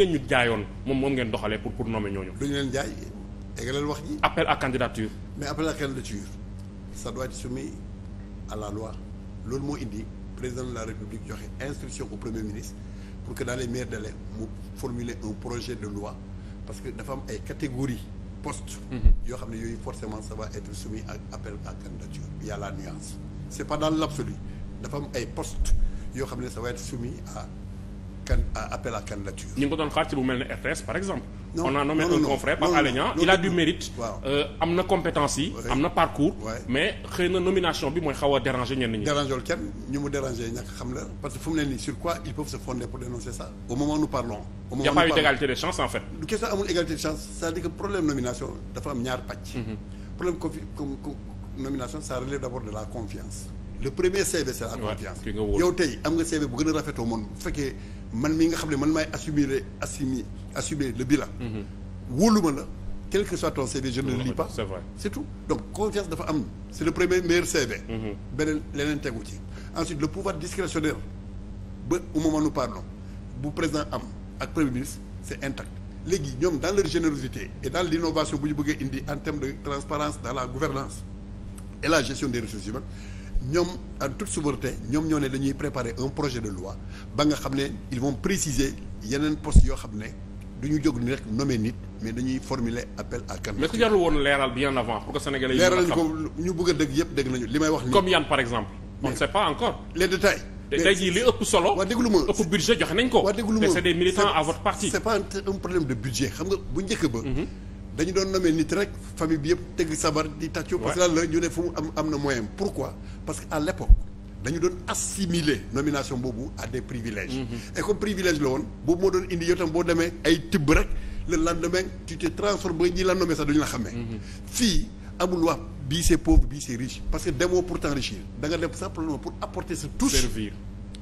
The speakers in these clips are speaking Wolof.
ngeen ñu jaayoon moom moom ngeen doxalee pour pour nommer ñooñu. duñu leen jaay egg leen wax ji. appel à loolu moo indi président de la république joxe instruction au premier ministre pour que dans les meilleurs délais mu formuler un projet de loi parce que dafa am ay catégories postes. Mm-hmm. yoo xam ne yooyu forcément ça va être soumis à appel à candidature il y a la nuance. c'est pas dans l'absolu dafa am ay post yoo xam ne ça va être soumis à. can appel à candidature. ñu ngi ko doon xaar ci bu mel ne RTS par exemple. non on a nommé un confrère Pape Alé Niang il a du mérite. Euh, am na compétence yi. am na parcours. mais xëy na nomination bi mooy xaw a déranger ñenn ñi. déranger wul kenn ñu mu déranger ñàkk xam la parce que fu mu ne nii sur quoi ils peuvent se fonder pour dénoncer ça. au moment où nous parlons. au moment où nous parlons y a pas eu d'égalité des chances en fait. du question amul égalité des chances c'est-à-dire que problème nomination dafa am ñaar pàcc. Mhm. problème comme nomination ça relève d'abord de la confiance. le premier CV c'est la confiance yow tey am nga CV bu gën a rafetoo moom bu fekkee man mi nga xam ne man maay assumer assumer assumer le bilan mm-hmm. wóolu ma la quel que soit ton CV je ne le lis pas c'est donc confiance dafa am c'est le premier meilleur CV mm-hmm. beneen leneen tegu ci ensuite le pouvoir discrétionnaire ba au moment nous parlons bu président am ak premier ministre c'est intact léegi ñoom dans leur générosité et dans l'innovation bu ñu bëggee indi en termes de transparence la gouvernance et la gestion des ressources humaines ñoom en toute souveraineté ñoom ñoo ne dañuy préparer un projet de loi ba nga xam ne ils vont préciser yeneen poste yoo xam ne du ñu jóg ni rek nommer nit mais dañuy formuler appel à candidature. mais woon leeral bien avant pour que ko ñu yëpp dégg nañu li may wax. nii comme par exemple. on ne sait pas encore. li ëpp solo. waa déglu ma ëpp budget joxe nañ ko. waa déglu ma c'est des militants à votre c'est pas un problème de budget xam nga bu njëkk ba. Mhm. dañu doon nommé nit rek famille bi yëpp tëgg sabar di tàccu parce que lan la ñu ne fu mu am am na moyen pourquoi parce que à l'époque dañu doon assimiler nomination boobu à des privilèges mhm. et comme privilège la woon boobu moo doon indi yow tam boo demee ay tibb rek le lendemain tu te transformes ba ñi la nommé sax duñu la xamee mhm. fii amul wax bii c'est pauvre bii c'est riche parce que demoo pour t'enrichir da nga dem simplement pour apporter sa touche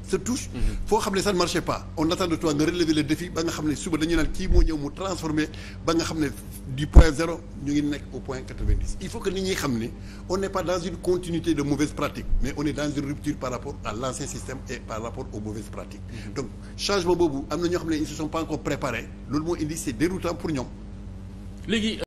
surtout touche. Mhm. foo xam ne ça ne marchait pas on attend de toi nga relever le défi ba nga xam ne suba dañu naan kii moo ñëw mu transformer ba nga xam ne du point zéro ñu ngi nekk au point quatre-vingt-dix il faut que nit ñi xam ne on n'est pas dans une continuité de mauvaises pratiques mais on est dans une rupture par rapport à l'ancien système et par rapport aux mauvaises pratiques mhm. donc changement boobu am na ñoo xam ne ils se pas encore préparés loolu moo indi